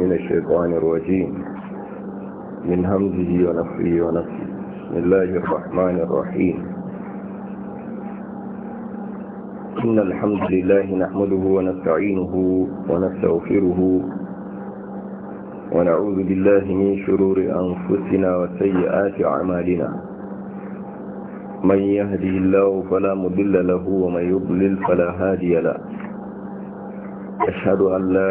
من الشيطان الرجيم من همزه ونفه ونفه بسم الله الرحمن الرحيم إن الحمد لله نحمده ونستعينه ونستغفره ونعوذ بالله من شرور أنفسنا وسيئات أعمالنا من يهده الله فلا مضل له ومن يضلل فلا هادي له أشهد أن لا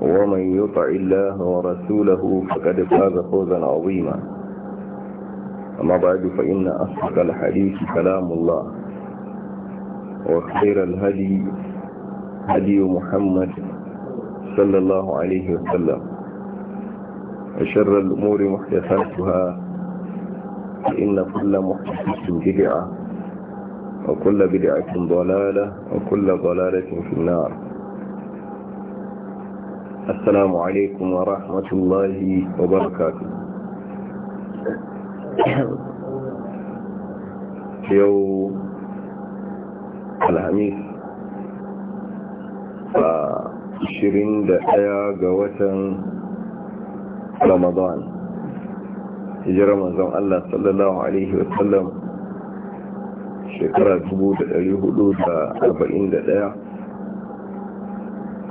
ومن يطع الله ورسوله فقد فاز فوزا عظيما أما بعد فإن أصدق الحديث كلام الله وخير الهدي هدي محمد صلى الله عليه وسلم وشر الأمور محدثاتها فإن كل محدثة بدعة وكل بدعة ضلالة وكل ضلالة في النار السلام عليكم ورحمة الله وبركاته يو الحميس فشرين دحيا قوة رمضان هجر رمضان الله صلى الله عليه وسلم شكرا جبود اليهود أربعين دحيا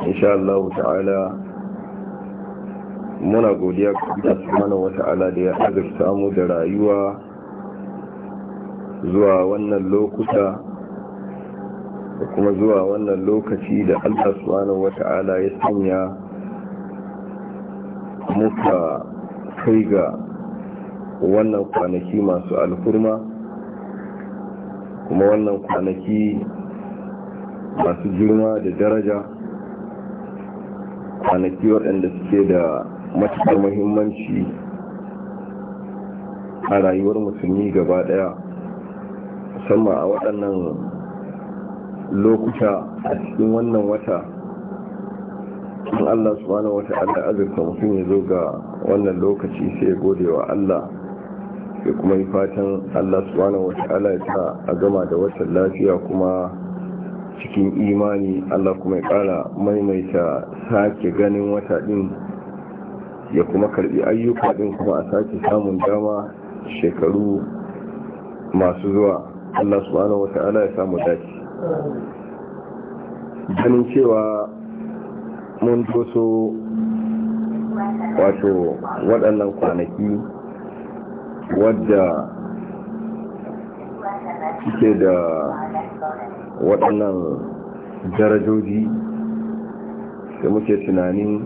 إن شاء الله تعالى muna godiya ga subhanahu wata'ala da ya azurta mu da rayuwa zuwa wannan lokuta da kuma zuwa wannan lokaci da Allah subhanahu wata'ala ya sanya muka kai ga wannan kwanaki masu alfurma kuma wannan kwanaki masu girma da daraja kwanaki waɗanda suke da matuƙar muhimmanci a rayuwar musulmi gaba ɗaya musamman a waɗannan lokuta a cikin wannan wata in allah subhanahu wata ta'ala azurta mutum ya zo ga wannan lokaci sai gode wa allah sai kuma yi fatan allah subhanahu wata ta'ala ya ta a gama da watan lafiya kuma cikin imani Allah kuma ya ƙara maimaita sake ganin wata ɗin. ya kuma karbi ayyuka din kuma a sake samun dama shekaru masu zuwa Allah subhanahu wata'ala ya samu dace ganin cewa mun doso wato waɗannan kwanaki wadda suke da waɗannan darajoji da muke tunanin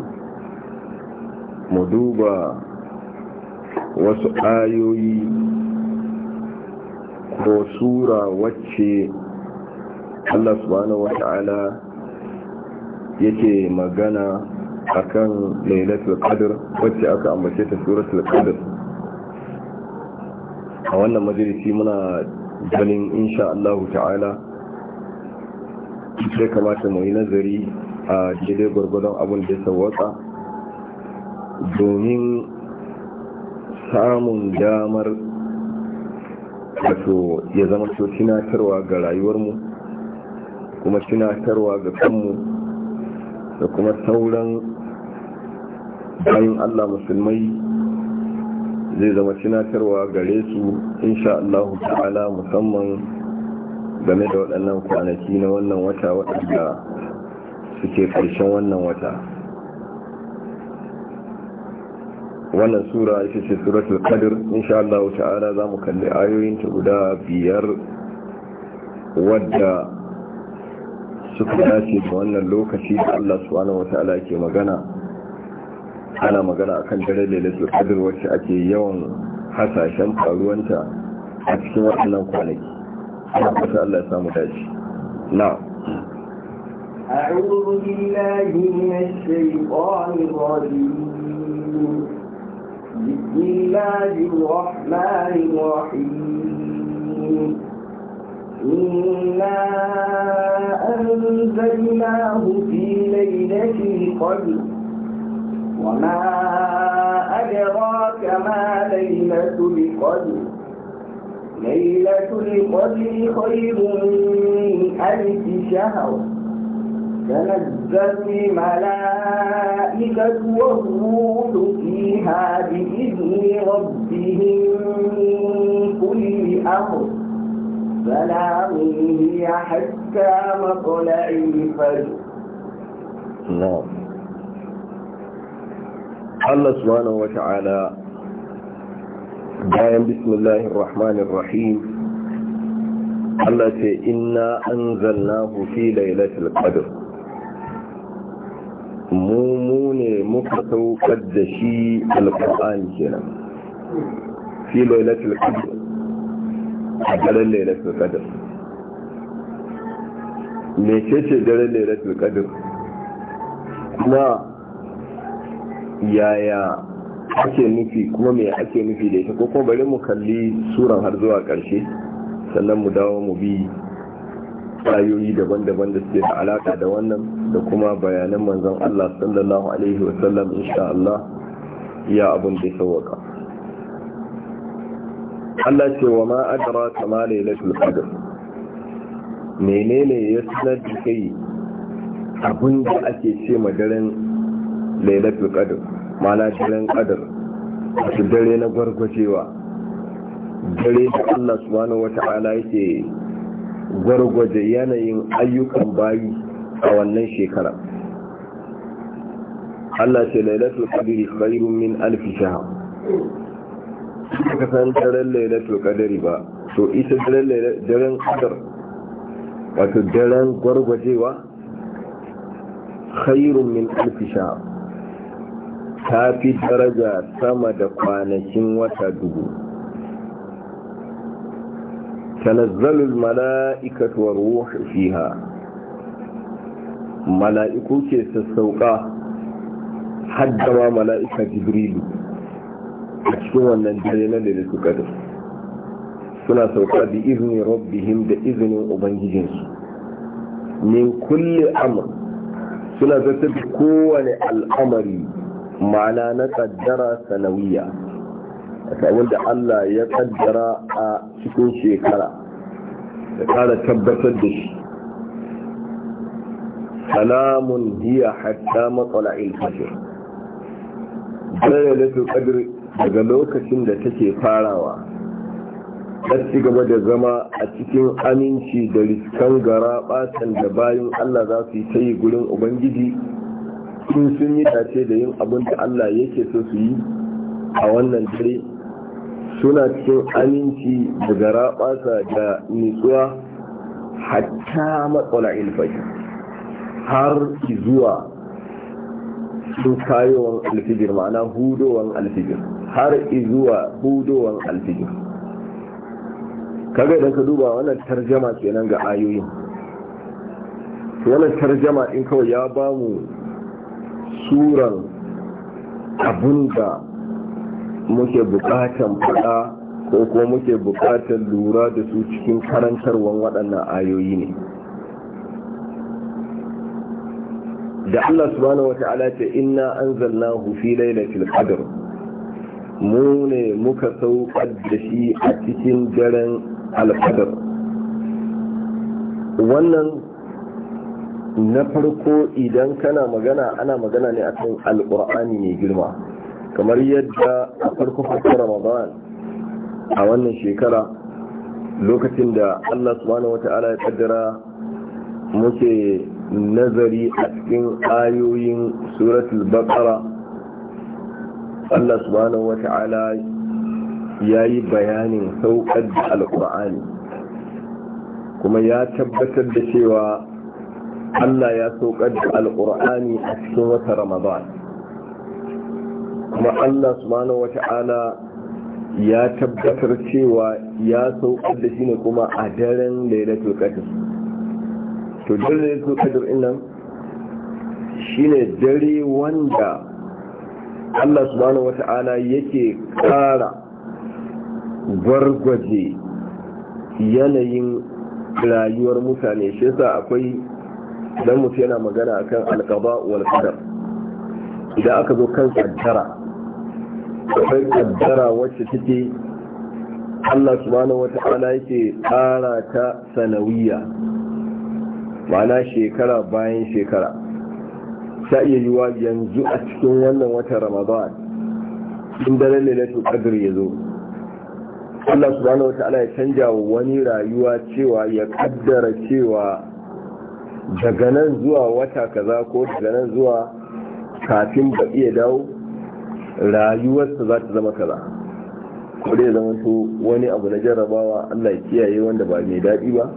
mu duba wasu ayoyi ko sura wacce Allah subhanahu wata'ala yake magana akan lailatul qadr wacce aka ambace ta suratul qadr a wannan majalisi muna ganin insha Allah ta'ala sai kamata mu yi nazari a daidai gwargwadon abin da ya sawwaka domin samun damar wato ya zama so tunatarwa ga rayuwarmu kuma tunatarwa ga kanmu da kuma sauran bayan allah musulmai zai zama tunatarwa gare su insha allahu ta'ala musamman game da waɗannan kwanaki na wannan wata waɗanda suke ƙarshen wannan wata wannan sura ita ce suratul qadr insha Allah ta'ala zamu kalli ayoyin ta guda biyar wadda suka dace da wannan lokaci da Allah subhanahu wata'ala ke magana ana magana akan dare lailatul qadr wacce ake yawan hasashen faruwanta a cikin waɗannan kwanaki wata Allah ya samu dace na أعوذ بالله من الشيطان الرجيم بسم الله الرحمن الرحيم إنا أنزلناه في ليلة القدر وما أدراك ما ليلة القدر ليلة القدر خير من ألف شهر تنزل الملائكة والروح فيها ربهم من كل أمر فلا هي حتى مطلع الفجر نعم الله سبحانه وتعالى دائم بسم الله الرحمن الرحيم الله سي إنا أنزلناه في ليلة القدر مومون مكتو قد شي القرآن الكريم في ليلة القدر a ليلة القدر qadr me ليلة القدر daren يا يا kuma yaya ake nufi kuma me ake nufi da ita ko kuma bari mu kalli suran har zuwa karshe sannan mu dawo mu bi ayoyi daban-daban da suke da alaka da wannan da kuma bayanan manzon Allah sallallahu alaihi wasallam insha Allah ya abun da ya sauwaka Allah ce wa ma ta ma lailatul qadr menene ya sanar da kai abin da ake ce ma daren lailatul qadr mana daren qadr wato dare na gwargwajewa dare da Allah subhanahu wata'ala yake gwargwaje yanayin ayyukan bayi a wannan shekara Allah ce lailatul qadri khairun min alf shahr ka san daren lailatul qadari ba to ita daren daren qadar wato daren gwargwajewa khairun min alf shahr ta fi daraja sama da kwanakin wata dubu تنزل الملائكة fiha, mala'iku ke سسوقا حدما mala'ika جبريل a cikin wannan dare na da suka da suna sauka bi izini rabbihim da izinin ubangijinsu min kulle amr suna zata da kowane al'amari ma'ana na kaddara sanawiya a da Allah ya kaddara a cikin shekara da kara tabbatar da shi salamun hiya hatta matsala'il fashir dare da su daga lokacin da take farawa ta ci gaba da zama a cikin aminci da riskan gara batan da bayan Allah za su yi ta yi gurin Ubangiji sun sun yi dace da yin abin da Allah yake so su yi a wannan dare suna cikin aminci da gara bata da nutsuwa hatta matsala ilfaji har zuwa sun kayowan alfijir ma'ana hudowan alfijir har izuwa budowar alfijir kaga idan ka duba wannan tarjama kenan ga ayoyin wannan tarjama in kawai ya ba mu suran da muke bukatan fada ko kuma muke bukatan lura da su cikin karantarwan waɗannan ayoyi ne da Allah subhanahu wa ta'ala ta inna anzalnahu fi lailatul qadr mu ne muka saukar da shi a cikin daren alfadar wannan na farko idan kana magana ana magana ne a akan Al'ƙur'ani mai girma kamar yadda a farko farko ramadan a wannan shekara lokacin da allah subhanahu wata'ala ya kaddara muke nazari a cikin ayoyin suratul baqara Allah subhanahu wa ta'ala ya yi bayanin saukar da alkur'ani kuma ya tabbatar da cewa Allah ya saukar da alkur'ani a cikin wata ramadan kuma Allah subhanahu wa ta'ala ya tabbatar cewa ya saukar da shi ne kuma a daren lailatul qadr to daren lailatul qadr din nan shine dare wanda Allah subhanahu wata'ala yake ƙara gwargwaje yanayin rayuwar mutane shi yasa akwai dan mutu yana magana akan alqada wal qadar idan aka zo kan tsaddara, akwai tsaddara wacce take Allah subhanahu wata'ala yake ƙara ta sanawiya ma'ana shekara bayan shekara ta iya yiwa yanzu a cikin wannan watan ramadan in daren lailatul qadr ya zo Allah subhanahu wa ta'ala ya canja wani rayuwa cewa ya ƙaddara cewa daga nan zuwa wata kaza ko daga nan zuwa kafin ba iya dawo rayuwarsa za ta zama kaza ko dai zamanto wani abu na jarrabawa Allah ya kiyaye wanda ba mai daɗi ba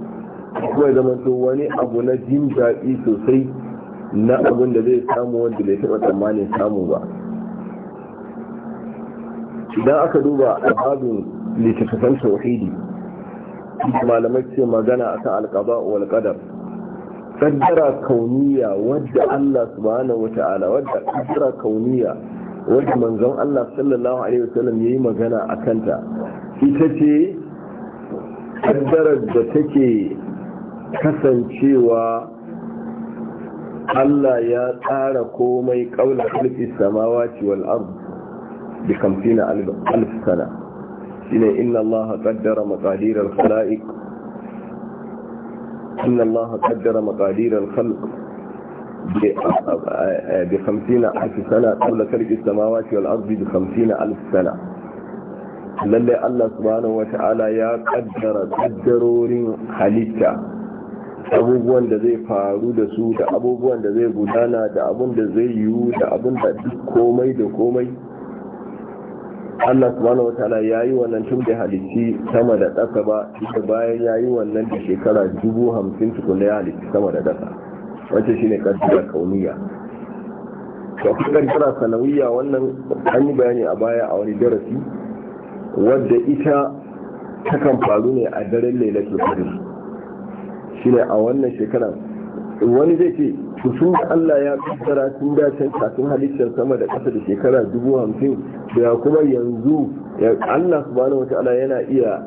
kuma ya zamanto wani abu na jin daɗi sosai na abin da zai samu wanda bai taɓa tsammanin samu ba idan aka duba a babin littattafan tauhidi malamai ce magana akan alƙaba wal walƙadar. kaddara kauniya wadda Allah subhanahu ta'ala wadda kaddara kauniya wadda manzon Allah sallallahu alaihi wa sallam ya yi magana a kanta. ita ce kaddarar da take kasancewa Allah ya tsara komai kaula halittar samawati wal ard bi 50000 sana shine inna Allah qaddara maqadir al khalaiq inna Allah qaddara maqadir al khalq bi 50000 eh, sana kaula halittar samawati wal ard bi 50000 sana lalle Allah subhanahu wa ta'ala ya kaddara kaddarorin halitta abubuwan da zai faru da su da abubuwan da zai gudana da abun da zai yiwu da abun da duk komai da komai Allah subhanahu wataala ya yi wannan tun da halitti sama da ƙasa ba da bayan ya yi wannan da shekara dubu hamsin tukuna ya halitti sama da ƙasa wacce shi ne ƙaddara kauniya to ƙaddara sanawiya wannan an yi bayani a baya a wani darasi wadda ita takan faru ne a daren lailatul qadr shine a wannan shekara wani zai ce sun da Allah ya kaddara sun da can kafin halittar sama da ƙasa da shekara dubu hamsin da kuma yanzu Allah subhanahu wa yana iya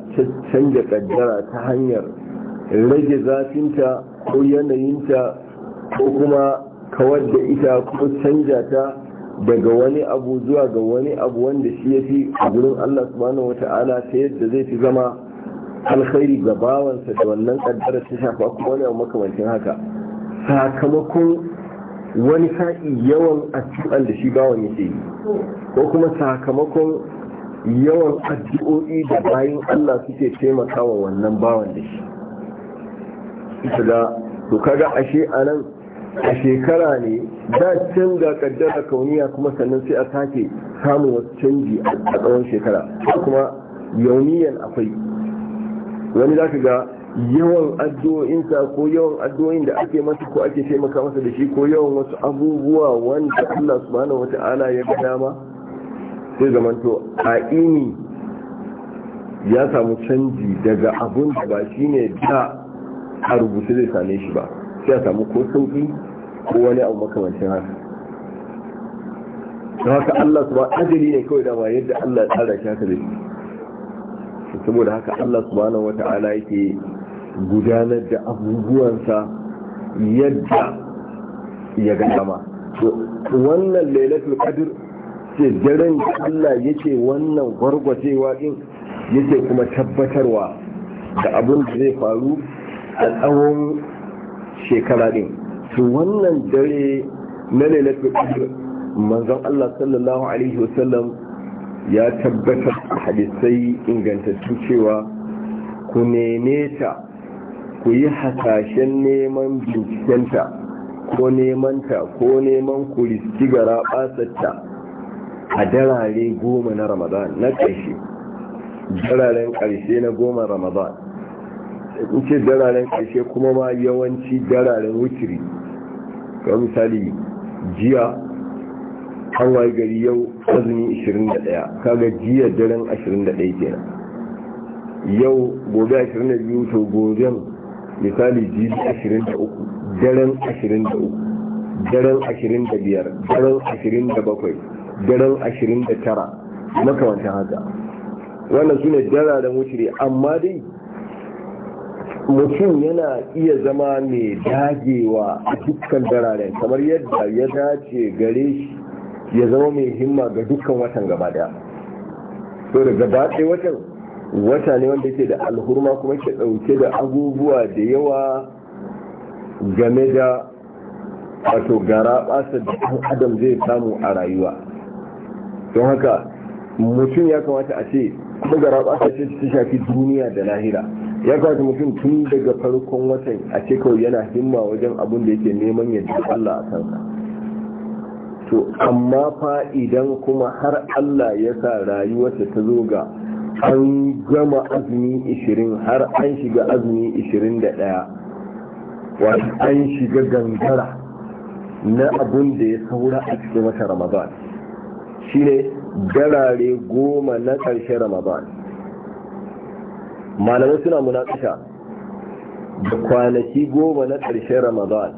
canja kaddara ta hanyar rage zafinta ko yanayinta ko kuma kawar da ita ko canja ta daga wani abu zuwa ga wani abu wanda shi ya fi a gurin Allah subhanahu ta yadda zai fi zama alkhairi ga bawansa da wannan kaddara ta shafa kuma wani abu makamancin haka sakamakon wani sa'i yawan addu'an da shi bawan yake yi ko kuma sakamakon yawan addu'o'i da bayan Allah suke taimakawa wannan bawan da shi ita da to kaga ashe anan a shekara ne da canza ga kaddara kauniya kuma sannan sai a sake samun wasu canji a tsawon shekara kuma yauniyan akwai wani za ka ga yawan addu'o'insa ko yawan addu'o'in da ake masa ko ake taimaka masa da shi ko yawan wasu abubuwa wanda Allah subhanahu wata'ala ya ga dama sai zamanto a ini ya samu canji daga abun da ba shi ne da a rubutu zai same shi ba sai ya samu ko sauƙi ko wani abu makamancin haka don haka Allah subhanahu ajali ne kawai dama yadda Allah ya tsara shi haka da shi saboda haka Allah subhanahu wata'ala yake gudanar da abubuwansa yadda ya ga dama wannan lailatul qadr ce daren Allah yake wannan gwargwajewa din yake kuma tabbatarwa da abin da zai faru a tsawon shekara din to wannan dare na lailatul qadr manzon Allah sallallahu alaihi wasallam ya tabbata hadisai ingantattu cewa ku neme ta ku yi hasashen neman bincikenta ko nemanta ko neman ku riski gara basatta a darare goma na ramadan na ƙarshe dararen ƙarshe na goma ramadan in ce dararen ƙarshe kuma ma yawanci dararen wuturi ga misali jiya an waye gari yau azumi 21 kaga jiya daren 21 kenan yau gobe 22 to goben misali jiya 23 daren 23 daren 25 daren 27 daren 29 makamantan haka wannan su ne dara da mushiri amma dai mutum yana iya zama mai dagewa a dukkan dararen kamar yadda ya dace gare shi ya zama mai himma ga dukkan watan gaba daya so da gaba watan wata ne wanda ke da alhurma kuma ke ɗauke da abubuwa da yawa game da wato gara ɓasa da ɗan adam zai samu a rayuwa don haka mutum ya kamata a ce kuma gara ɓasa ce ta shafi duniya da lahira ya kamata mutum tun daga farkon watan a ce kawai yana himma wajen abin da yake neman yadda Allah a kansa to amma fa idan kuma har Allah ya sa rayuwarsa ta zo ga an gama azumi 20 har an shiga azumi 21 wato an shiga gangara na abun da ya saura a cikin wata ramadan shine garare goma na ƙarshe ramadan malamai suna munakasha da kwanaki goma na ƙarshe ramadan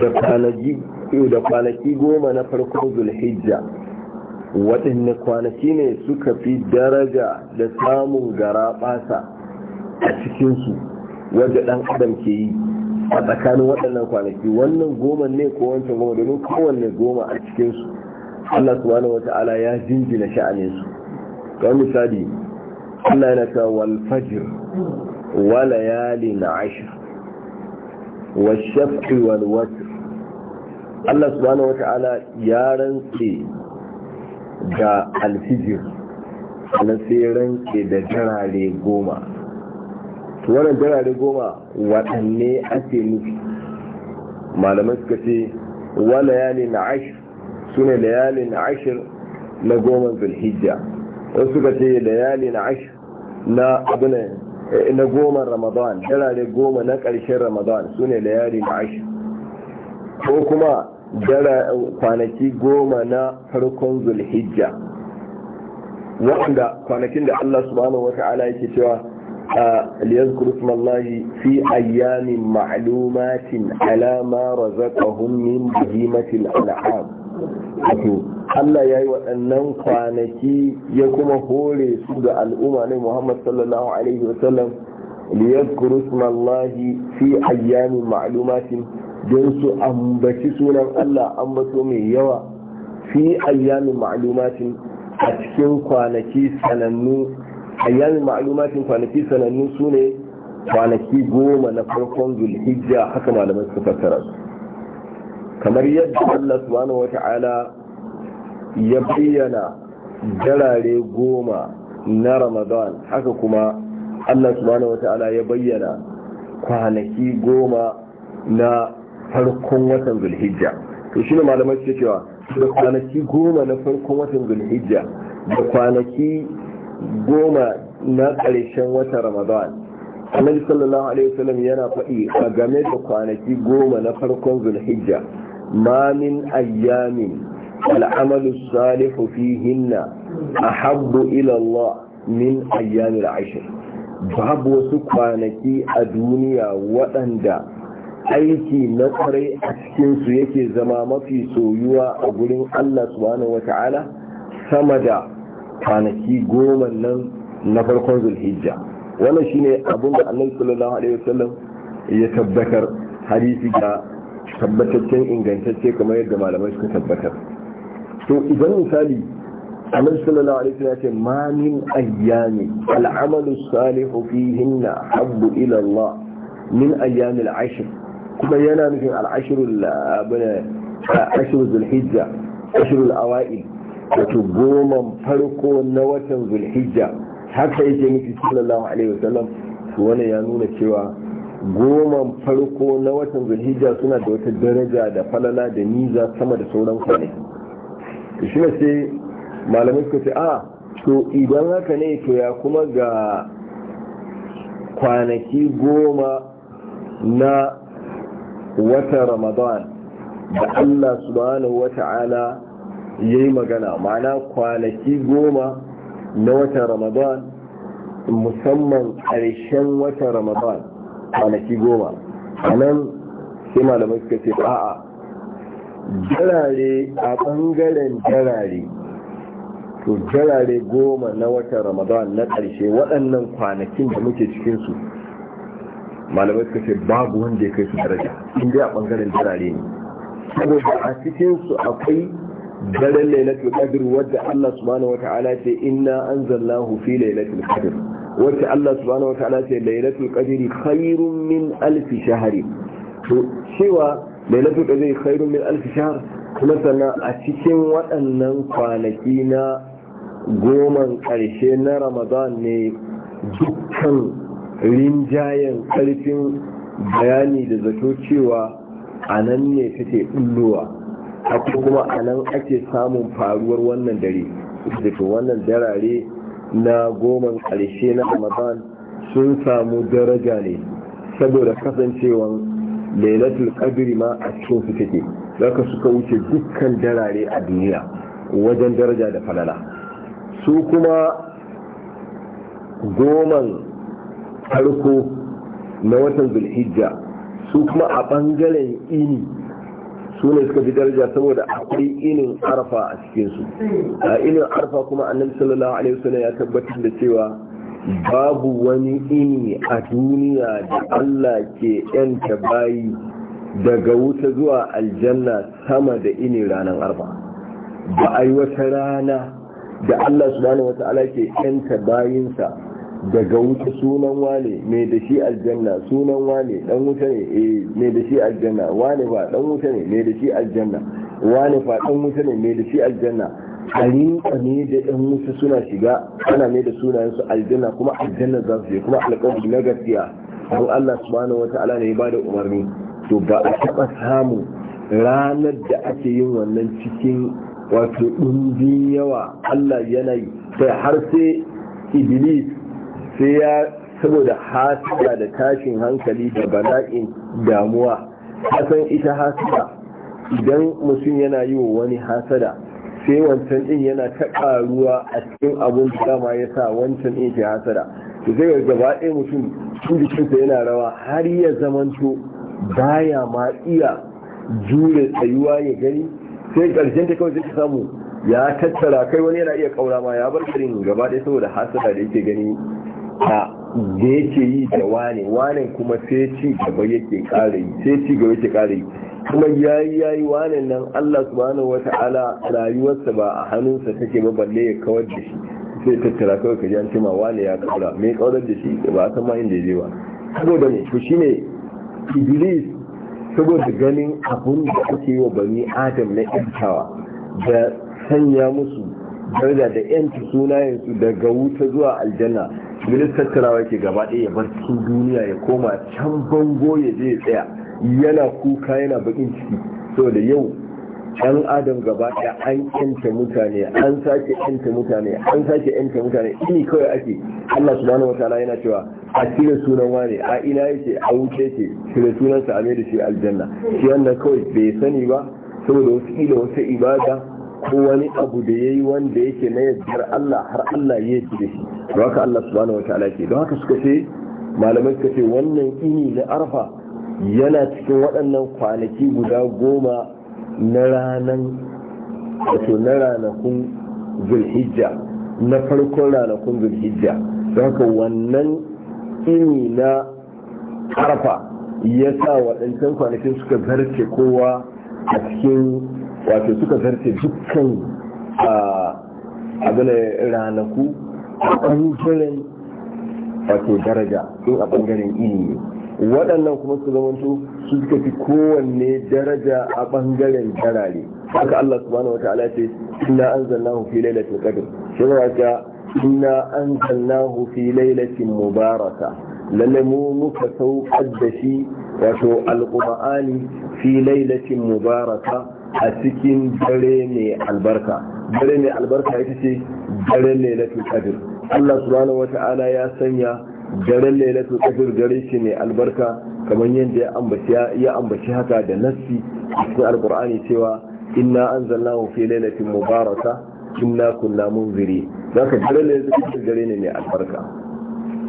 da kwanaki yau da kwanaki goma na farkon zulhijja waɗanne kwanaki ne suka fi daraja da samun gara ɓasa a cikinsu wadda ɗan adam ke yi a tsakanin waɗannan kwanaki wannan goma ne ko wancan goma domin kowanne goma a cikinsu Allah subhanahu ta'ala ya jinjina sha'aninsu kamar misali Allah yana ta wal fajr wa layalin ashr wa shaf'i wal watr Allah subhanahu wata'ala ya rantse da alfijir na sai rantse da jarare goma wannan jarare goma waɗanne ake nufi malamai suka ce wa layalin na ashir su ne layalin na ashir na goma zulhijja wasu suka ce layalin ashir na abinan eh, na goman ramadan jarare goma na ƙarshen ramadan su ne layalin na ashir ko kuma kwanaki goma na farkon zulhijja wanda kwanakin da Allah subhanahu wata'ala yake cewa a liyazkuru smallahi fi ayyamin ma'lumatin ala razaqahum min bahimatil an'am wato ya yayi waɗannan kwanaki ya kuma hore su ga al'umma ne Muhammad sallallahu alaihi wasallam liyazkuru smallahi fi ayyamin ma'lumatin don su ambaci sunan Allah ambato mai yawa fi ayyamin ma'lumatin a cikin kwanaki sanannu ayyamin ma'lumatin kwanaki sanannu su ne kwanaki goma na farkon zulhijja haka malamai su fassara kamar yadda Allah subhanahu ya bayyana jarare goma na ramadan haka kuma Allah subhanahu ya bayyana kwanaki goma na farkon watan zulhijja to shi ne malamai suke cewa da kwanaki goma na farkon watan zulhijja da kwanaki goma na ƙarshen watan ramadan annabi sallallahu alaihi wasallam yana faɗi a game da kwanaki goma na farkon zulhijja ma min ayyamin al'amalu salihu fihinna ahabbu ila Allah min ayyamil ashr babu wasu kwanaki a duniya waɗanda aiki na kwarai a cikinsu yake zama mafi soyuwa a gurin Allah subhanahu wata'ala sama da kwanaki goma nan na farkon zulhijja wannan shine abin da annabi sallallahu alaihi wasallam ya tabbatar hadisi ga tabbataccen ingantacce kamar yadda malamai suka tabbatar to idan misali annabi sallallahu alaihi wasallam ya ce ma min ayyami Al-Amalu salihu fihinna habbu ila Allah min ayyamil ashr kuma yana nufin al'ashirul zulhijja ashirul awa'il wato goman farko na watan zulhijja haka yake nufi sallallahu alaihi wasallam su wani ya nuna cewa goma farko na watan zulhijja suna da wata daraja da falala da niza sama da sauran kwane shi ne sai malamai suka ce a to idan haka ne to ya kuma ga kwanaki goma na wata ramadan da Allah subhanahu Taala ya yi magana ma'ana kwanaki goma na wata ramadan musamman ƙarshen wata ramadan kwanaki goma a nan sai malamai suka ce a'a jarare a ɓangaren jarare to jarare goma na wata ramadan na ƙarshe waɗannan kwanakin da muke cikinsu malamai suka ce babu wanda ya kai su daraja inda a bangaren darare ne saboda a cikin su akwai daren lailatul qadr wadda Allah subhanahu wata'ala ce inna anzalnahu fi lailatul qadr wacce Allah subhanahu wata'ala ce lailatul qadri khairun min alf to cewa lailatul qadri khairun min alf shahr kuma sannan a cikin waɗannan kwanaki na goman ƙarshe na Ramadan ne dukkan rinjayen ƙarfin bayani da zato cewa a nan ne take bullowa a kuma a nan ake samun faruwar wannan dare daga wannan darare na goman ƙarshe na ramadan sun samu daraja ne saboda kasancewan lailatul qadri ma a cikin su take zaka suka wuce dukkan darare a duniya wajen daraja da falala su kuma goman farko na watan zulhijja su kuma a bangaren ini su ne suka fi daraja saboda akwai inin arfa a cikinsu a inin arfa kuma annabi sallallahu alaihi wasallam ya tabbatar da cewa babu wani ini a duniya da Allah ke yanta bayi daga wuta zuwa aljanna sama da ini ranar arfa ba a yi wata rana da Allah subhanahu wata'ala ke yanta bayinsa daga wuta sunan wane mai da shi aljanna sunan wane dan wuta ne eh, mai da shi aljanna wane ba dan wuta ne mai da shi aljanna wane ba dan wuta ne mai da shi aljanna a rinka ne da yan wuta suna shiga ana mai da sunayensu aljanna kuma aljanna za su je kuma alƙawari na gaskiya don Allah subhanahu wataala ne ya bada umarni to ba a taɓa samu ranar da ake yin wannan cikin wato ɗumbin yawa Allah yanayi sai har sai Iblis sai ya saboda hasira da tashin hankali da bala'in damuwa kasan ita hasira idan mutum yana yi wa wani hasada sai wancan din yana ta karuwa a cikin abun da dama ya sa wancan din ke hasada da zai gaba ɗaya mutum cikin jikinsa yana rawa har ya zamanto baya ma iya jure tsayuwa ya gani sai ƙarshen ta kawai zai samu ya tattara kai wani yana iya ƙaura ma ya bar garin gaba ɗaya saboda hasada da yake gani da da yake yi da wane wane kuma sai ci gaba yake kare yi sai ci gaba yake kare yi kuma yayi yayi wane nan Allah subhanahu wata'ala rayuwarsa ba a hannunsa take ba balle ya kawar da shi sai tattara kawai ka ji an cima wane ya kaura me kaurar da shi ba a san ma inda ya ba saboda ne to shine iblis saboda ganin abun da ake yi wa bani adam na yantawa da sanya musu daraja da yanci sunayensu daga wuta zuwa aljanna ministan tattarawa yake gaba ɗaya ya bar cikin duniya ya koma can bango ya je ya tsaya yana kuka yana bakin ciki saboda yau 'yan adam gaba ɗaya an yanta mutane an sake yanta mutane an sake yanta mutane ini kawai ake Allah subhanahu wa ta'ala yana cewa a cire sunan wane a ina yake a wuce yake cire sunan sa a da shi aljanna shi wannan kawai bai sani ba saboda wasu ila wata ibada ko wani abu da yayi wanda yake na yardar Allah har Allah ya yi da shi don haka Allah subhanahu wataala ke don haka suka ce malamai suka ce wannan ini na arfa yana cikin waɗannan kwanaki guda goma na ranan wato na ranakun zulhijja na farkon ranakun zulhijja don haka wannan ini na arfa ya sa waɗancan kwanakin suka zarce kowa a cikin wato suka zarce dukkan abin ranaku a ɓangaren wato daraja in a ɓangaren ilimi waɗannan kuma su zamanto su suka fi kowanne daraja a ɓangaren darare haka Allah subhanahu wata'ala ce inna anzalnahu fi lailatul qadr shi ne inna anzalnahu fi lailatin mubaraka lalle mu muka saukar da shi wato alqur'ani fi lailatin mubaraka a cikin dare mai albarka dare mai albarka ita ce dare lailatul qadr Allah subhanahu wata'ala ya sanya daren lailatul qadr dare shi mai albarka kamar yadda ya ambaci haka da nassi a cikin alqur'ani cewa inna anzalnahu fi lailatin mubaraka inna kunna munziri zaka dare lailatul qadr dare ne mai albarka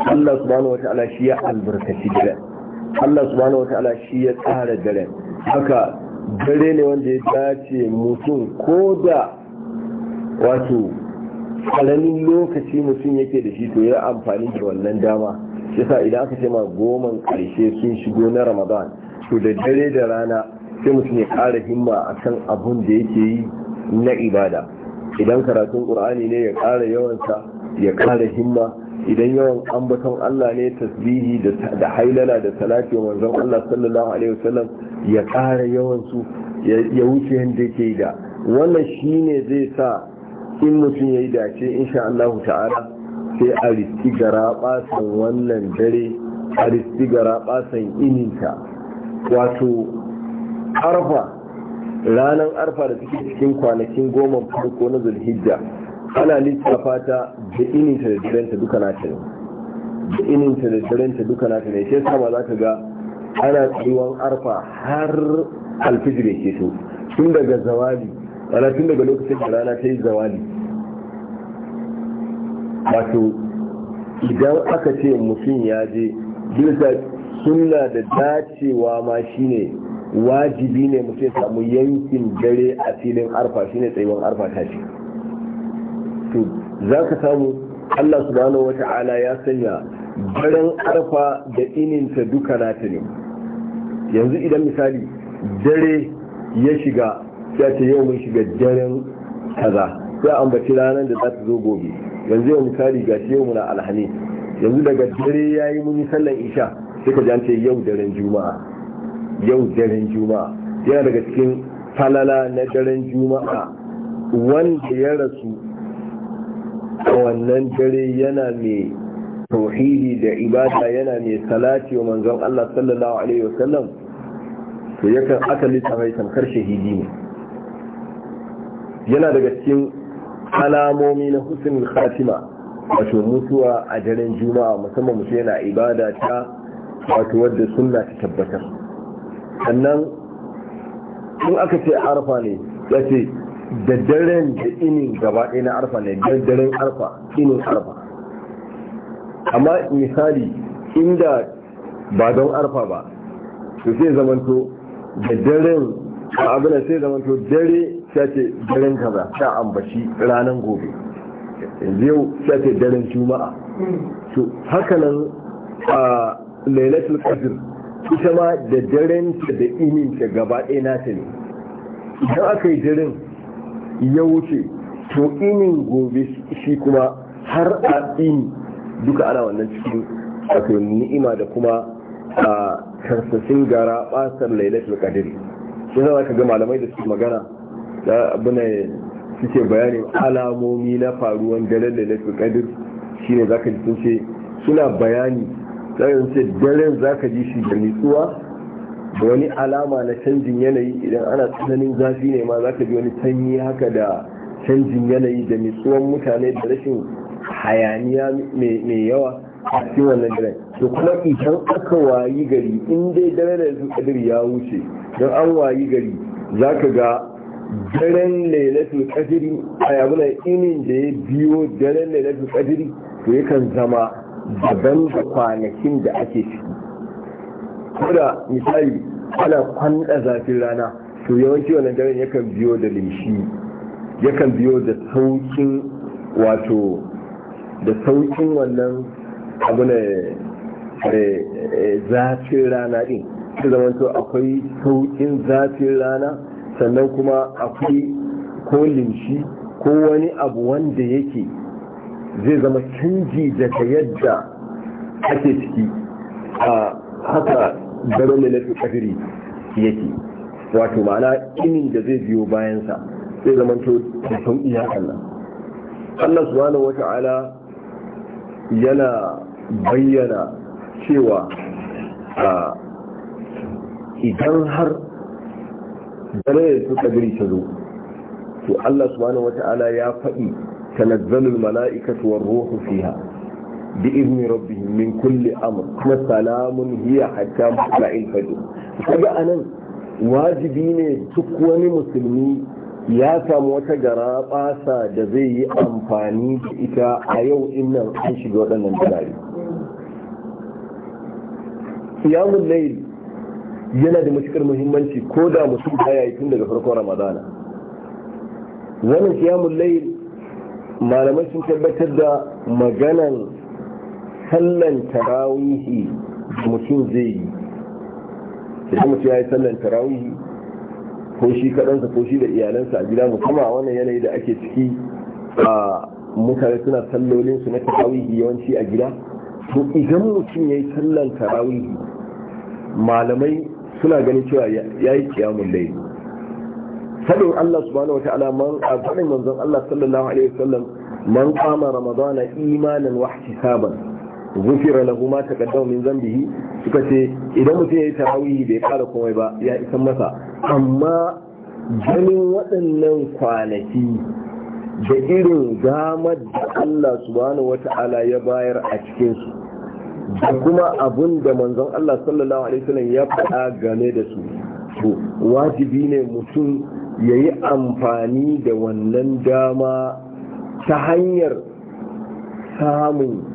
Allah subhanahu wata'ala shi ya albarkaci dare Allah subhanahu wata'ala shi ya tsara dare haka dare ne wanda ya dace mutum ko da wato kalanin lokaci mutum yake da shi to ya amfani da wannan dama shi idan aka ce ma goman karshe sun shigo na ramadan to da dare da rana sai mutum ya kara himma a kan abun da yake yi na ibada idan karatun qur'ani ne ya kara yawansa ya kara himma idan yawan ambaton Allah ne tasbihi da hailala da salati manzon Allah sallallahu alaihi wasallam ya ƙara yawan su ya wuce yanda yake da wannan shine zai sa in mutum yayi dace insha Allah ta'ala sai a riski gara basan wannan dare a riski gara basan ininta wato arfa ranar arfa da take cikin kwanakin goma farko na zulhijja ana littafata ta da ininta da direnta duka nata ne da ininta da direnta duka nata ne sai sama za ka ga ana tsayuwan arfa har alfijir ke so tun daga zawali ana tun daga lokacin da rana ta yi zawali wato idan aka ce mutum ya je bisa suna da dacewa ma shine wajibi ne mutum samu yankin dare a filin arfa shine tsayuwan arfa ta ce mutum za ka samu Allah subhanahu wata'ala ya sanya daren arfa da ininta duka nata ne yanzu idan misali dare ya shiga ya ce yau mun shiga daren kaza ya ambaci ranar da za ta zo gobe yanzu yau misali ga shi yau muna alhamis yanzu daga dare ya yi muni sallan isha suka ji an ce yau daren juma'a yau daren juma'a yana daga cikin falala na daren juma'a wanda ya rasu a wannan dare yana mai tauhidi da ibada yana mai salati wa manzon Allah sallallahu alaihi wasallam to yakan aka littafai tamkar shahidi ne yana daga cikin alamomi na husn khatima wato mutuwa a daren juma'a musamman mutum yana ibada ta wato wadda sunna ta tabbatar sannan in aka ce arfa ne ya ce da daren da inin gaba ɗaya na arfa ne da daren arfa inin arfa amma misali inda ba don arfa ba to sai zamanto da daren a abin sai zamanto dare sai ce daren kaza ta ambaci ranar gobe yanzu yau sai ce daren juma'a to haka nan a lailatul qadr ita ma da daren ta da inin ta gaba ɗaya na ta ne idan aka yi daren ya wuce to inin gobe shi kuma har a ini duka ana wannan cikin wato ni'ima da kuma a karsasin gara basar lailatul qadri shi zama ka ga malamai da suke magana da abuna suke bayani alamomi na faruwan daren lailatul qadr shine zaka ji sun ce suna bayani sai ce daren zaka ji shi da nutsuwa da wani alama na canjin yanayi idan ana tsananin zafi ne ma za ka ji wani sanyi haka da canjin yanayi da nutsuwan mutane da rashin hayaniya mai yawa a cikin wannan dare to kuma idan aka wayi gari in dai dare da su ya wuce don an wayi gari za ka ga daren lailatul kadiri a yabuna inin da ya biyo daren lailatul kadiri to yakan zama daban da kwanakin da ake ciki ko da misali ana kwanda zafin rana to yawanci wannan daren yakan biyo da limshi yakan biyo da saukin wato da saukin wannan abu na eh, eh, zafin rana din su to akwai saukin zafin rana sannan kuma akwai ko limshi ko wani abu wanda yake zai zama canji daga yadda ake ciki a ah, haka daren da lafi kafiri yake wato ma'ana inin da zai biyo bayansa zai zama to da sauƙi ya Allah Allah subhanahu wata'ala yana bayyana cewa idan har dare da su kadiri ta zo to Allah subhanahu wata'ala ya faɗi tanazzalul mala'ikatu war ruhu fiha bi izni rabbihim min kulli amr na salamun hiya hatta matla'il fadu kaga anan wajibi ne duk wani musulmi ya samu wata gara basa da zai yi amfani da ita a yau innan an shiga waɗannan dalari siyamun layl yana da matukar muhimmanci ko da mutum baya yi tun daga farkon ramadana wannan siyamun malamai sun tabbatar da maganan sallan tarawihi mutum zai yi sai mutum ya yi sallan tarawihi ko shi kaɗansa ko shi da iyalansa a gida musamman a wannan yanayi da ake ciki a mutane suna su na tarawihi yawanci a gida to idan mutum ya yi sallan tarawihi malamai suna ganin cewa ya yi kiyamun laili fadin Allah subhanahu wata'ala man a fadin manzon Allah sallallahu alaihi wasallam man qama ramadana imanan wa ihtisaban gufira lahu ma taqaddama min zambihi suka ce idan mutum ya yi tarawih bai kara komai ba ya isan masa amma ganin waɗannan kwanaki da irin damar da Allah subhanahu wata'ala ya bayar a cikinsu, da kuma abun da manzon Allah sallallahu alaihi wasallam ya faɗa game da su to wajibi ne mutum ya yi amfani da wannan dama ta hanyar samun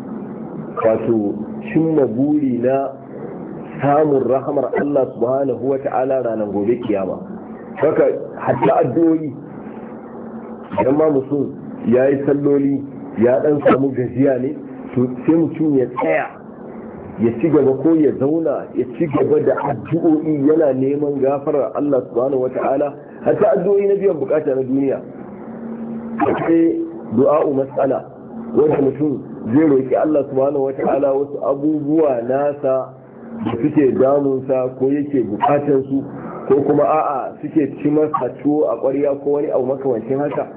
wato cimma buri na samun rahamar Allah subhanahu wa ta'ala ranar gobe kiyama haka hatta addu'o'i idan ma mutum ya yi salloli ya dan samu gajiya ne to sai mutum ya tsaya ya ci gaba ko ya zauna ya ci gaba da addu'o'i yana neman gafarar Allah subhanahu wa ta'ala hatta addu'o'i na biyan bukata na duniya sai du'a'u mas'ala wanda mutum zai roƙi Allah subhanahu wa ta'ala wasu abubuwa nasa da suke damunsa ko yake bukatar su ko kuma a'a suke ci masa ciwo a ƙwarya ko wani abu makamancin haka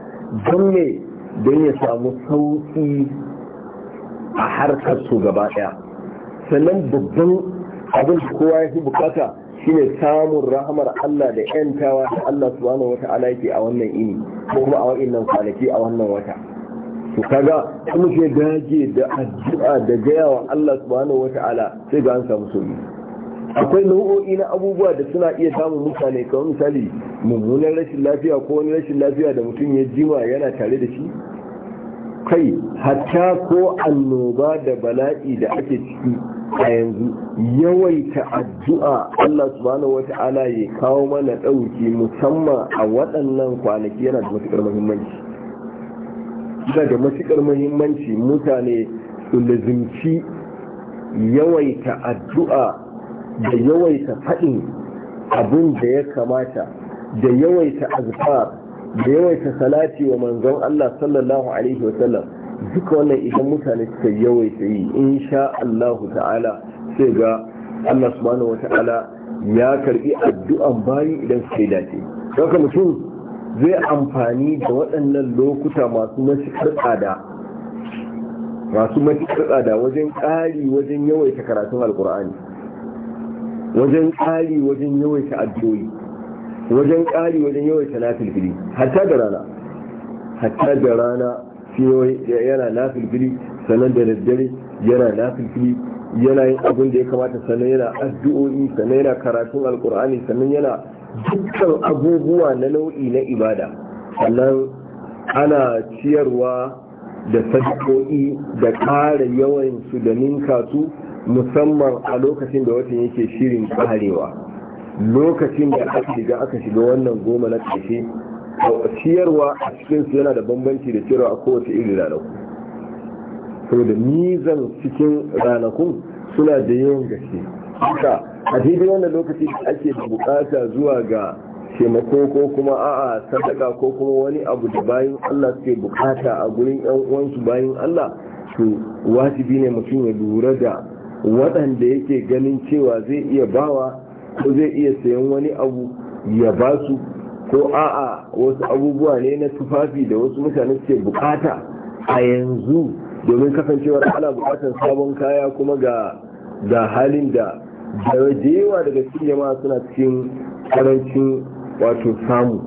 don ne don ya samu sauƙi a harkar su gaba ɗaya sannan babban abin da kowa ya fi bukata shine samun rahamar Allah da 'yantawa da Allah subhanahu wa ta'ala yake a wannan ini ko kuma a wa'innan kwanaki a wannan wata ku kaga kuma ke dage da addu'a da gayawa Allah subhanahu wata'ala sai ga an samu sauki akwai nau'o'i na abubuwa da suna iya samun mutane kamar misali mummunan rashin lafiya ko wani rashin lafiya da mutum ya jima yana tare da shi kai hatta ko annoba da bala'i da ake ciki a yanzu yawaita addu'a Allah subhanahu wata'ala ya kawo mana ɗauki musamman a waɗannan kwanaki yana da matuƙar muhimmanci yana da matuƙar muhimmanci mutane su lazimci yawaita addu'a da yawaita faɗin abin da ya kamata da yawaita azfar da yawaita salati wa manzon Allah sallallahu alaihi wasallam duka wannan idan mutane suka yawaita yi insha Allah ta'ala sai ga Allah subhanahu wa ta'ala ya karbi addu'an bayi idan suka yi dace. Daga mutum zai amfani da waɗannan lokuta masu matuƙar tsada masu masu tsada wajen ƙari wajen yawaita karatun alkur'ani wajen ƙari wajen yawaita addu'o'i wajen ƙari wajen yawaita nafilfili hatta da rana hatta da rana yana nafilfili sannan da daddare yana nafilfili yana yin abin da ya kamata sannan yana addu'o'i sannan yana karatun alkur'ani sannan yana dukkan abubuwa na nau'i na ibada sannan ana ciyarwa da sadako'i da ƙara yawan su da ninka su musamman a lokacin da watan yake shirin karewa lokacin da aka shiga aka shiga wannan goma na ƙarshe ciyarwa a cikinsu yana da bambanci da ciyarwa a kowace irin ranaku da nizan cikin ranakun suna da yawan gaske haka a daidai wannan lokaci ake bukata zuwa ga taimako ko kuma a'a sadaka ko kuma wani abu da bayan Allah suke bukata a gurin yan uwansu bayan Allah to wajibi ne mutum ya lura da waɗanda yake ganin cewa zai iya bawa ko zai iya sayan wani abu ya ba su ko a'a wasu abubuwa ne na tufafi da wasu mutane suke bukata a yanzu domin kasancewar ana bukatar sabon kaya kuma ga halin da da yawa daga cikin jama'a suna cikin karancin wato samu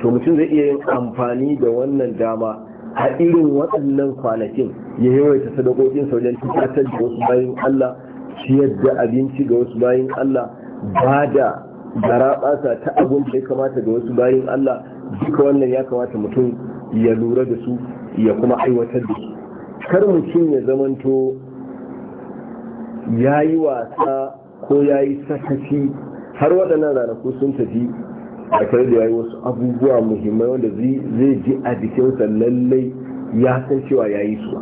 to mutum zai iya yin amfani da wannan dama a irin waɗannan kwanakin ya yawaita sadakokin wajen tukatar da wasu bayan Allah ciyar da abinci ga wasu bayan Allah ba da garaɓasa ta abin da ya kamata ga wasu bayan Allah duka wannan ya kamata mutum ya lura da su ya kuma aiwatar da su kar mutum ya zamanto ya yi wasa ko ya yi sakaci har waɗannan ranaku sun tafi a kare da ya yi wasu abubuwa muhimman wanda zai ji a jikinsa lallai ya san cewa ya yi su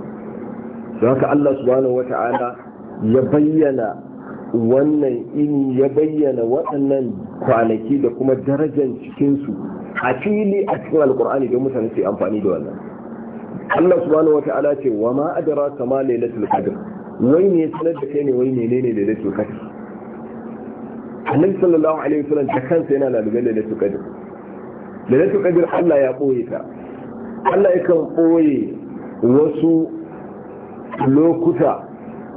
don haka Allah subhanahu wa ta'ala ya bayyana wannan ini ya bayyana waɗannan kwanaki da kuma darajar cikinsu a fili a cikin alkur'ani don mutane su amfani da wannan Allah subhanahu wa ta'ala ce wa ma adara kama lailatul qadr wai ne sanar da kai ne wai ne ne da lailatul kai annabi sallallahu alaihi wasallam ta kansa yana da lalugan kai da lailatul kai Allah ya koye ta Allah yakan koye wasu lokuta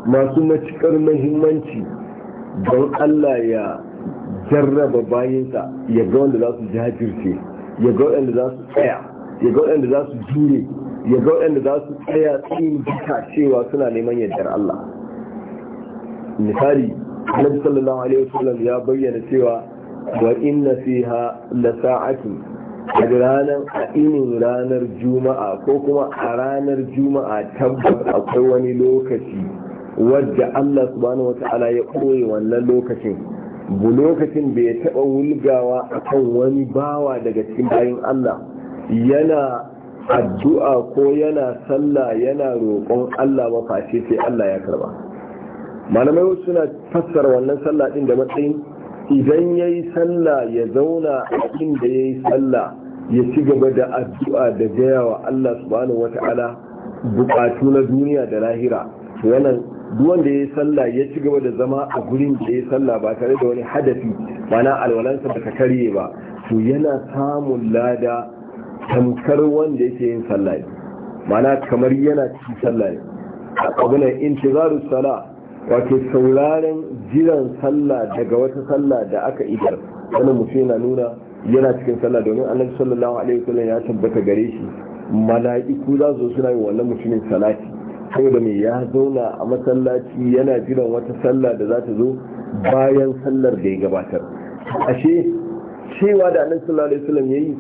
masu matukar muhimmanci don Allah ya jarraba bayansa ya ga wanda za su jajirce ya ga wanda za su tsaya ya ga wanda za su jure ya ga waɗanda za su tsaya tsayin jika cewa suna neman yadda Allah misali Annabi sallallahu alaihi wasallam ya bayyana cewa wa inna fiha la sa'atin ranar a inin ranar juma'a ko kuma a ranar juma'a tabbas akwai wani lokaci wadda Allah subhanahu ta'ala ya koye wannan lokacin bu lokacin bai taɓa wulgawa akan wani bawa daga cikin bayan Allah yana addu'a ko yana sallah yana roƙon Allah mafashi sai Allah ya karba malamai suna fassara wannan sallah din da matsayin idan ya yi sallah ya zauna a inda ya yi sallah ya ci gaba da addu'a da gaya wa Allah subhanahu wata'ala buƙatu na duniya da lahira wannan duwanda ya yi sallah ya ci gaba da zama a gurin da ya yi sallah ba tare da wani hadafi mana alwalansa ba ta karye ba to yana samun lada tamkar wanda yake yin sallah ne mana kamar yana cikin sallah ne abuna intizaru sala wato sauraren jiran sallah daga wata sallah da aka idar wannan mutum yana nuna yana cikin sallah domin annabi sallallahu alaihi wasallam ya tabbata gare shi mala'iku za su suna yin wannan mutumin salati saboda mai ya zauna a masallaci yana jiran wata sallah da za ta zo bayan sallar da ya gabatar ashe cewa da annabi sallallahu alaihi wasallam yayi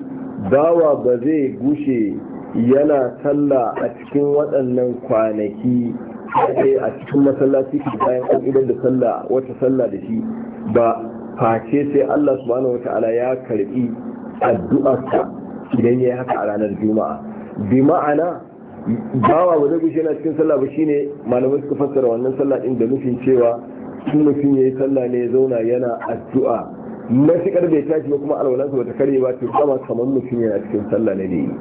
bawa ba zai gushe yana sallah a cikin waɗannan kwanaki sai a cikin masallaci ke bayan an idan da sallah wata sallah da shi ba face sai Allah subhanahu wata'ala ya karbi addu'arsa idan ya haka a ranar juma'a bi ma'ana bawa ba zai gushe yana cikin sallah ba shine malamai suka fassara wannan sallah din da nufin cewa mutum ya yi sallah ne ya zauna yana addu'a matuƙar ya tashi ba kuma su bata karye ba to kama kamar mutum yana cikin sallah ne da yi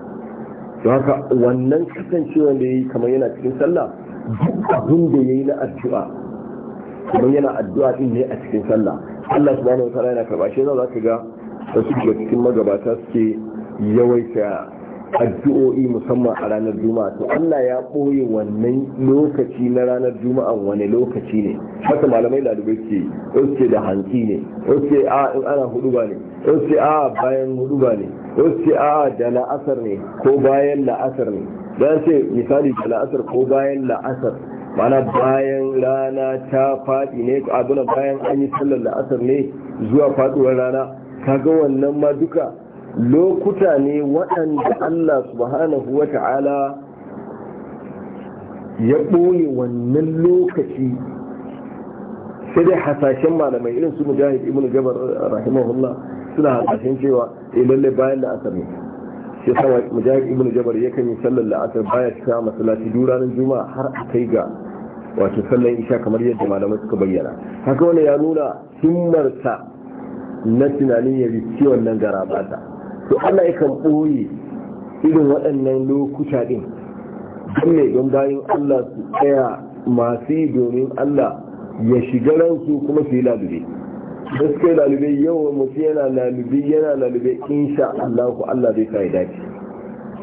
don haka wannan kasancewa da yi kamar yana cikin sallah duk abin da ya yi na addu'a kamar yana addu'a din ne a cikin sallah Allah subhanahu wa ta'ala yana karba shi za ka ga wasu daga cikin magabata suke yawaita addu'o'i musamman a ranar juma'a to Allah ya ɓoye wannan lokaci na ranar juma'a wani lokaci ne haka malamai dalibai ce ce da hanki ne ce a in ana hudu ba ne ce a bayan hudu ba ne a da la'asar ne ko bayan la'asar ne dan ce misali da la'asar ko bayan la'asar mana bayan rana ta faɗi ne abuna bayan an yi sallar la'asar ne zuwa faɗuwar rana kaga wannan ma duka lokuta ne waɗanda Allah subhanahu wa ta'ala ya ɓoye wannan lokaci sai dai hasashen malamai irin su mujahid ibn gabar rahimahullah suna hasashen cewa eh lalle bayan da asar ne shi sama mujahid ibn ya yakan yi sallar la'asar baya shiga masallaci duk ranar juma'a har a kai ga wato sallar isha kamar yadda malamai suka bayyana haka wani ya nuna himmarsa na tunanin ya rikki wannan gara bata to Allah ya kan ɓoye irin waɗannan lokuta ɗin don ne don bayan Allah su tsaya masu yi domin Allah ya shiga ransu kuma su yi lalube gaskiya lalube yawan mutum yana lalube yana lalube insha Allah ku Allah zai sa ya dace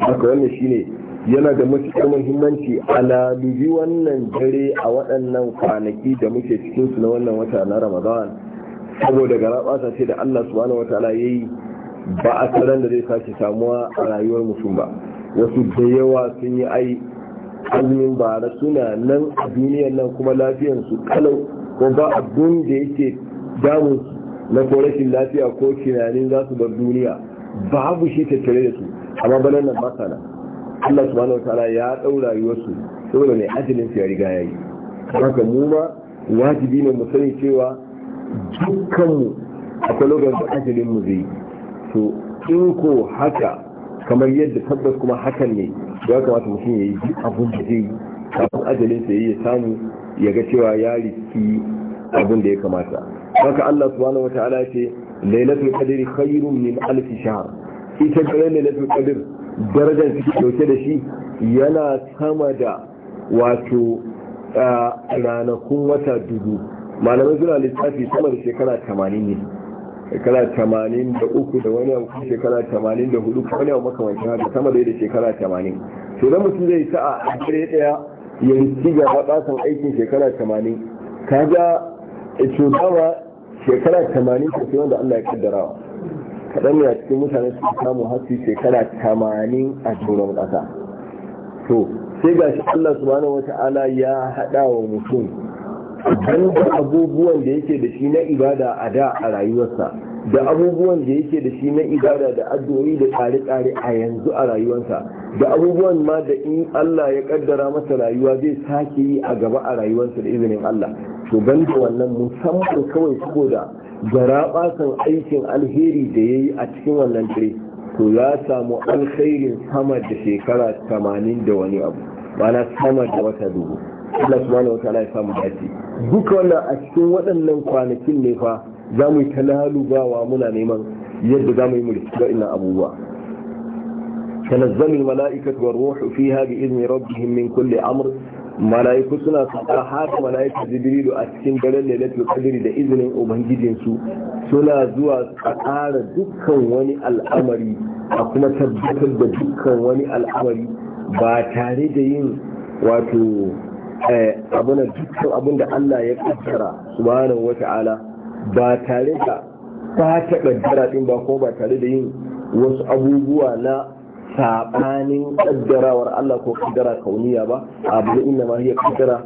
haka wannan shine yana da matuƙar muhimmanci a lalubi wannan dare a waɗannan kwanaki da muke cikinsu na wannan wata na Ramadan saboda gara ce da Allah subhanahu wataala yayi ba a tsaron da zai sake samuwa a rayuwar mutum ba wasu da yawa sun yi ai azumin bara suna nan a duniyar nan kuma lafiyarsu kalau ko ba abin da yake damun na korashin lafiya ko tunanin za su bar duniya babu shi tattare da su amma banan nan ba sana Allah subhanahu wa ta'ala ya dau rayuwarsu saboda mai ajalin su ya riga yi. haka mu ma wajibi ne mu sani cewa dukkanmu akwai lokacin ajalin mu zai to in ko haka kamar yadda tabbas kuma hakan ne ya kamata mutum ya yi abin da zai kafin ajalin sa ya samu ya ga cewa ya riski abin da ya kamata haka Allah subhanahu wataala ce lailatul qadri khairun min alf shahr ita ga lailatul qadr darajar take dauke da shi yana sama da wato ranakun wata dubu malamai suna lissafi sama da shekara 80 ne shekara 83 da wani abu shekara 84 wani abu makamancin haka sama da shekara 80 to da mutum zai sa'a a dare daya ya ci gaba kasan aikin shekara 80 kaga eh, to dama shekara 80 ta wanda Allah ya kaddara kaɗan ne a cikin mutane su samu hasi shekara 80 a doron ƙasa to sai gashi Allah subhanahu wata'ala ya haɗa wa mutum da abubuwan da yake da shi na ibada a da a rayuwarsa da abubuwan da yake da shi na ibada da addu'o'i da tsare-tsare a yanzu a rayuwarsa da abubuwan ma da in Allah ya kaddara masa rayuwa zai sake yi a gaba a rayuwarsa da izinin Allah to ban da wannan musamman kawai saboda garaɓasan aikin alheri da ya yi a cikin wannan dare to ya samu alkhairin sama da shekara 80 da wani abu ma'ana sama da wata dubu Allah subhanahu dace duka wannan a cikin waɗannan kwanakin ne fa za mu yi ta lalubawa muna neman yadda za mu yi mulki ga ina abubuwa tanazzalul mala'ikatu war ruhu fiha bi izni rabbihim min kulli amr mala'iku suna sauka har mala'ikatu jibrilu a cikin daren lailatul qadri da iznin ubangijin su suna zuwa tsakara dukkan wani al'amari a kuma tabbatar da dukkan wani al'amari ba tare da yin wato Eh, abuna dukkan abin da Allah ya kaddara subhanahu wata'ala ba tare da ba ta kaddara din ba ko ba tare da yin wasu abubuwa na sabanin kaddarawar Allah ko kaddara kauniya ba abu inna ma hiya kaddara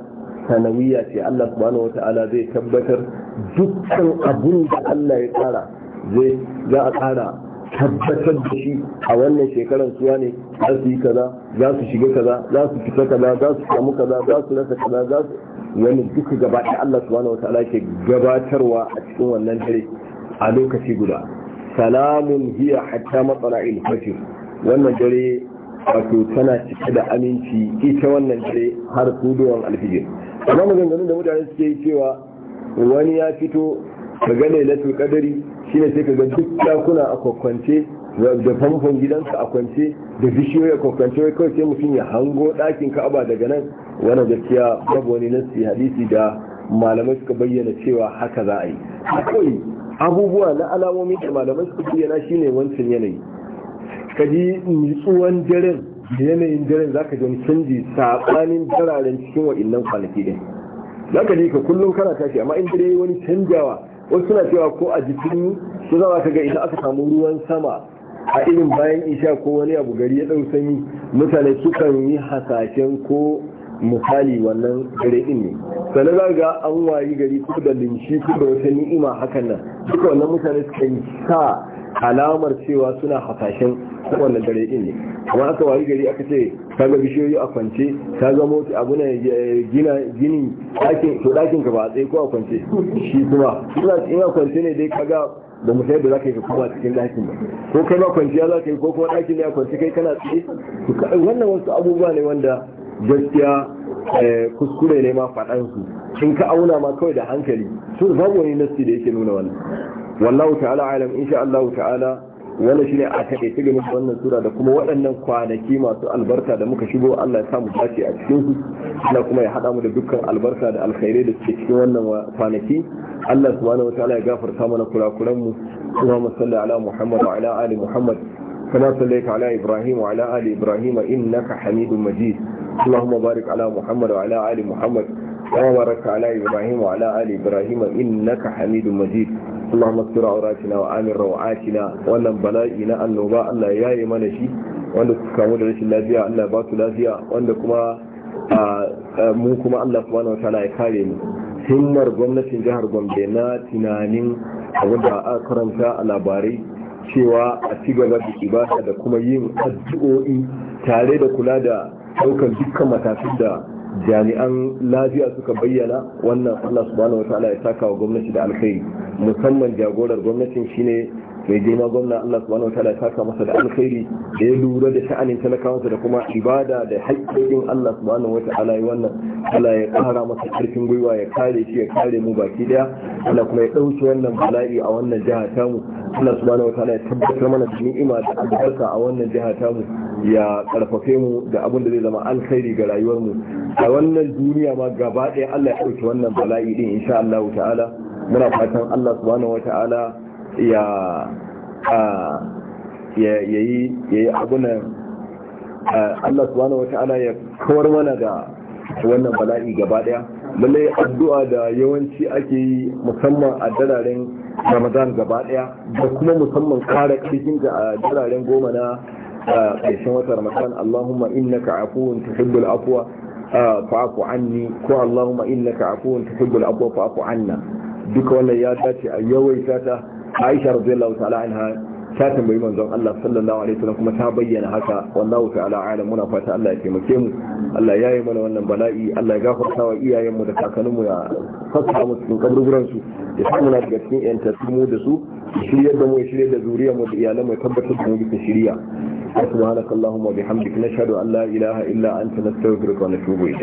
sanawiya ce Allah subhanahu wata'ala zai tabbatar dukkan abin da Allah ya tsara zai za tsara tabbatar da shi a wannan shekarar suwa ne za su yi kaza za su shiga kaza za su fita kaza za su samu kaza za su rasa kaza za su wani duka gaba ɗaya Allah subhanahu ke gabatarwa a cikin wannan dare a lokaci guda salamun hiya hatta matsala fajr wannan dare wato tana cike da aminci ita wannan dare har tuduwan alfijir amma maganganun da mutane suke yi cewa wani ya fito ga lailatul dari. shi ne sai ka ga duk dakuna a kwakwance da famfon gidansa a kwance da bishiyoyi a kwakwance wai kawai sai mutum ya hango ɗakin ka'aba daga nan wani gaskiya babu wani nasi hadisi da malamai suka bayyana cewa haka za a yi akwai abubuwa na alamomi da malamai suka bayyana shine wancan yanayi ka ji nutsuwan daren da yanayin daren za ka ji canji saɓanin dararen cikin wa'innan kwanaki ɗin za ka ji ka kullum kana tashi amma in dare wani canjawa wasu suna cewa ko a jikin su zama ka ga idan aka samu ruwan sama a irin bayan isha ko wani abu gari ya ɗau sanyi mutane sukan yi hasashen ko misali wannan gare din ne sannan za ga an wayi gari ko da linshi ko da wata ni'ima hakan nan duka wannan mutane suka yi sa alamar cewa suna hasashen wannan dare ne kuma aka wayi gari aka ce ka ga bishiyoyi a kwance ka ga motsi abu na eh, gina gini to ɗakin ka ba a tsaye ko a kwance shi kuma cikin a kwance ne dai kaga da mu da za ka yi kuma cikin ɗakin ba ko kai ba kwanciya ka yi ko kuma ɗakin ne a kwance kai kana tsaye wannan wasu abubuwa ne wanda gaskiya eh, kuskure ne ma faɗansu in ka auna ma kawai da hankali Sun babu wani nasi da yake nuna wannan wallahu ta'ala alam insha Allah ta'ala wannan shine a take tire muku wannan sura da kuma waɗannan kwanaki masu albarka da muka shigo Allah ya samu dace a cikin su Allah kuma ya hada mu da dukkan albarka da alkhairai da suke cikin wannan kwanaki Allah subhanahu wataala ya gafarta mana kurakuran mu Allahumma salli ala Muhammad wa ala ali Muhammad ala ibrahim wa ala ali Ibrahim innaka Hamidum Majid Allahumma barik ala Muhammad wa ala ali Muhammad آل محمد ala Ibrahim wa ala ali Ibrahim innaka Hamidum Majid اللهم اكثر عوراتنا وآمن روعاتنا wannan bala'i na annoba Allah ya yi mana shi wanda suka kamu da rashin lafiya Allah ba su lafiya kuma Allah subhanahu wataala ya kare mu himmar gwamnatin jihar Gombe na tunanin abinda a karanta a labarai cewa a ci gaba da ibada da kuma yin addu'o'i tare da kula da daukar dukkan matakin da jami'an lafiya suka bayyana wannan Allah subhanahu wataala ya saka wa gwamnati da alkhairi musamman jagorar gwamnatin shine mai girma gwamna Allah subhanahu wataala ya saka masa da alkhairi da ya lura da sha'anin talakawansa da kuma ibada da haƙƙin Allah subhanahu wataala ya wannan Allah ƙara masa ƙarfin gwiwa ya kare shi ya kare mu baki daya Allah kuma ya ɗauki wannan bala'i a wannan jiha tamu Allah subhanahu wataala ya tabbatar mana da ni'ima da albarka a wannan jiha tamu ya ƙarfafe mu da abin da zai zama alkhairi ga rayuwar mu a wannan duniya ma gaba ɗaya Allah ya ɗauki wannan bala'i din insha Allah ta'ala muna fatan Allah subhanahu wata'ala ya ya yayi abunan Allah subhanahu wata'ala ya kawar mana da wannan bala'i gaba daya lallai addu'a da yawanci ake yi musamman a dararen ramadan gaba daya da kuma musamman kare cikin a dararen goma na ƙarshen watan ramadan allahumma innaka afuwun tuhibbul afwa fa'fu anni ko allahumma innaka afuwun tuhibbul afwa fa'fu anna duka wannan ya dace a yawai ta aisha radiyallahu ta'ala anha ta tambayi manzon Allah sallallahu alaihi wasallam kuma ta bayyana haka wallahu ta'ala alam muna fata Allah ya taimake mu Allah ya yi mana wannan bala'i Allah ya gafarta wa iyayen mu da kakannin mu ya fasa musu cikin kaburburan su ya samu na daga cikin yan tasimu da su shiryar da mu ya shirya da zuriyar mu da iyalan mu tabbatar da mu bisa shiriya subhanakallahumma bihamdika nashhadu an la ilaha illa anta nastaghfiruka wa natubu ilayk